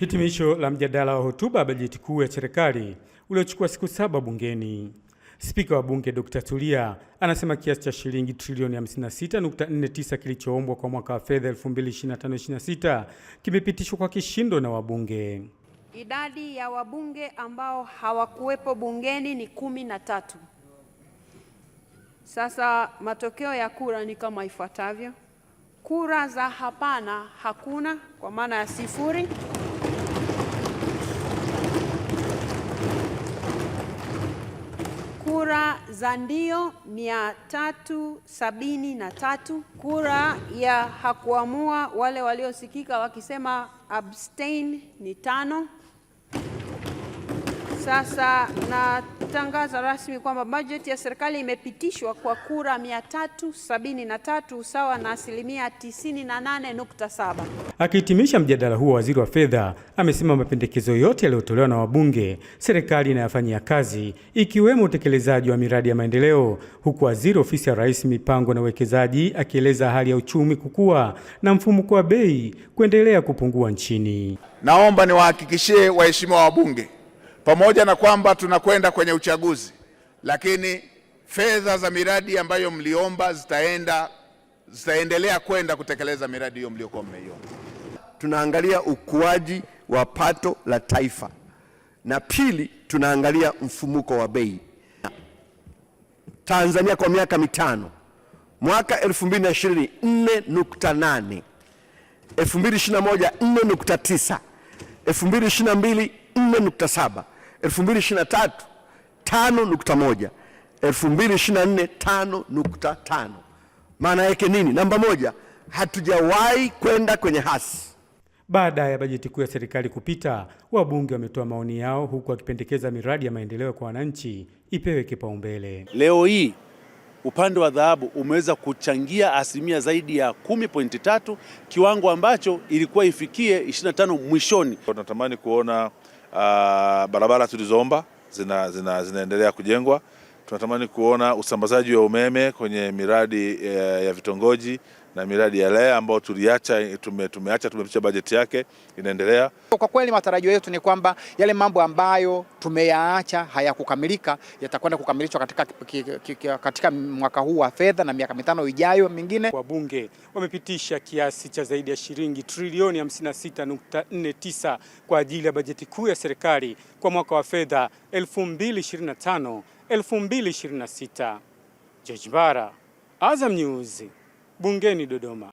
Hitimisho la mjadala wa hotuba ya bajeti kuu ya serikali uliochukua siku saba bungeni. Spika wa Bunge Dr. Tulia anasema kiasi cha shilingi trilioni 56.49 kilichoombwa kwa mwaka wa fedha 2025/26 kimepitishwa kwa kishindo na wabunge. Idadi ya wabunge ambao hawakuwepo bungeni ni kumi na tatu. Sasa matokeo ya kura ni kama ifuatavyo: kura za hapana hakuna, kwa maana ya sifuri. za ndio 373, kura ya hakuamua wale waliosikika wakisema abstain ni tano. Sasa na kutangaza rasmi kwamba bajeti ya serikali imepitishwa kwa kura 373 sawa na asilimia 98.7. Akihitimisha mjadala huo, waziri wa fedha amesema mapendekezo yote yaliyotolewa na wabunge serikali inayafanyia kazi, ikiwemo utekelezaji wa miradi ya maendeleo, huku waziri ofisi ya rais mipango na uwekezaji akieleza hali ya uchumi kukua na mfumuko wa bei kuendelea kupungua nchini. Naomba niwahakikishie waheshimiwa wabunge pamoja na kwamba tunakwenda kwenye uchaguzi, lakini fedha za miradi ambayo mliomba zitaenda zitaendelea kwenda kutekeleza miradi hiyo mliokuwa mmeiomba. Tunaangalia ukuaji wa pato la taifa, na pili tunaangalia mfumuko wa bei Tanzania kwa miaka mitano, mwaka 2020 4.8, 2021 4.9, 2022 4.7 2023 Maana yake nini? Namba moja, hatujawahi kwenda kwenye hasi. Baada ya bajeti kuu ya serikali kupita, wabunge wametoa maoni yao, huku wakipendekeza miradi ya maendeleo kwa wananchi ipewe kipaumbele. Leo hii upande wa dhahabu umeweza kuchangia asilimia zaidi ya 10.3, kiwango ambacho ilikuwa ifikie 25 mwishoni. Tunatamani kuona Ah, barabara tulizoomba zina, zina, zinaendelea kujengwa. Tunatamani kuona usambazaji wa umeme kwenye miradi eh, ya vitongoji na miradi ya lea ambayo tuliacha tume, tumeacha tumepisha bajeti yake inaendelea. Kwa kweli matarajio yetu ni kwamba yale mambo ambayo tumeyaacha hayakukamilika yatakwenda kukamilishwa katika, katika mwaka huu wa fedha na miaka mitano ijayo mingine. Wabunge wamepitisha kiasi cha zaidi ya shilingi trilioni 56.49 kwa ajili ya bajeti kuu ya serikali kwa mwaka wa fedha 2025 2026. George Mbara, Azam News bungeni Dodoma.